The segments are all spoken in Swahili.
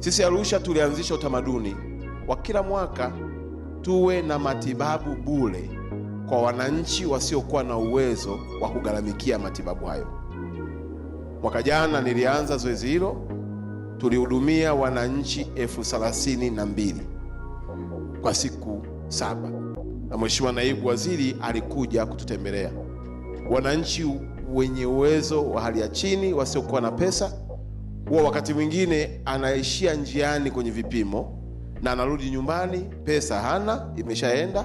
Sisi Arusha tulianzisha utamaduni wa kila mwaka tuwe na matibabu bure kwa wananchi wasiokuwa na uwezo wa kugharamikia matibabu hayo. Mwaka jana nilianza zoezi hilo, tulihudumia wananchi elfu thelathini na mbili kwa siku saba, na Mheshimiwa Naibu Waziri alikuja kututembelea. Wananchi wenye uwezo wa hali ya chini wasiokuwa na pesa huwa wakati mwingine anaishia njiani kwenye vipimo na anarudi nyumbani, pesa hana, imeshaenda,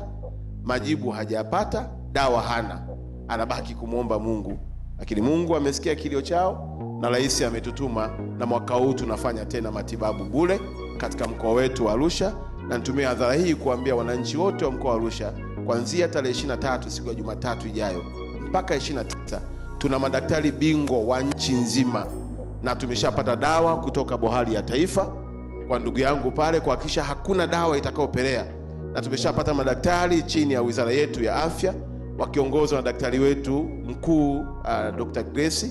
majibu hajapata, dawa hana, anabaki kumwomba Mungu. Lakini Mungu amesikia kilio chao na rais ametutuma, na mwaka huu tunafanya tena matibabu bure katika mkoa wetu wa Arusha, na nitumie hadhara hii kuambia wananchi wote wa mkoa wa Arusha, kuanzia tarehe 23 siku ya Jumatatu ijayo mpaka 29 tuna madaktari bingwa wa nchi nzima na tumeshapata dawa kutoka bohari ya taifa kwa ndugu yangu pale kuhakikisha hakuna dawa itakayopelea, na tumeshapata madaktari chini ya wizara yetu ya afya wakiongozwa na daktari wetu mkuu uh, Dr. Grace,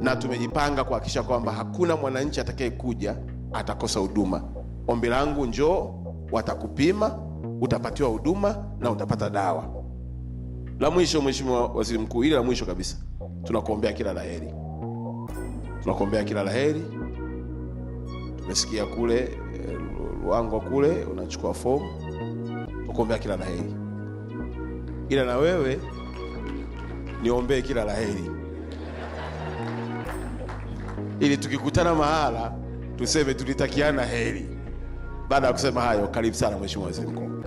na tumejipanga kuhakikisha kwamba hakuna mwananchi atakayekuja atakosa huduma. Ombi langu njoo, watakupima, utapatiwa huduma na utapata dawa. La mwisho, Mheshimiwa Waziri Mkuu, ile la mwisho kabisa, tunakuombea kila laheri tunakuombea kila laheri. Tumesikia kule eh, luangwa kule unachukua fomu, tunakuombea kila laheri, ila na wewe niombee kila laheri ili tukikutana mahala tuseme tulitakiana heri. Baada ya kusema hayo, karibu sana mheshimiwa waziri mkuu.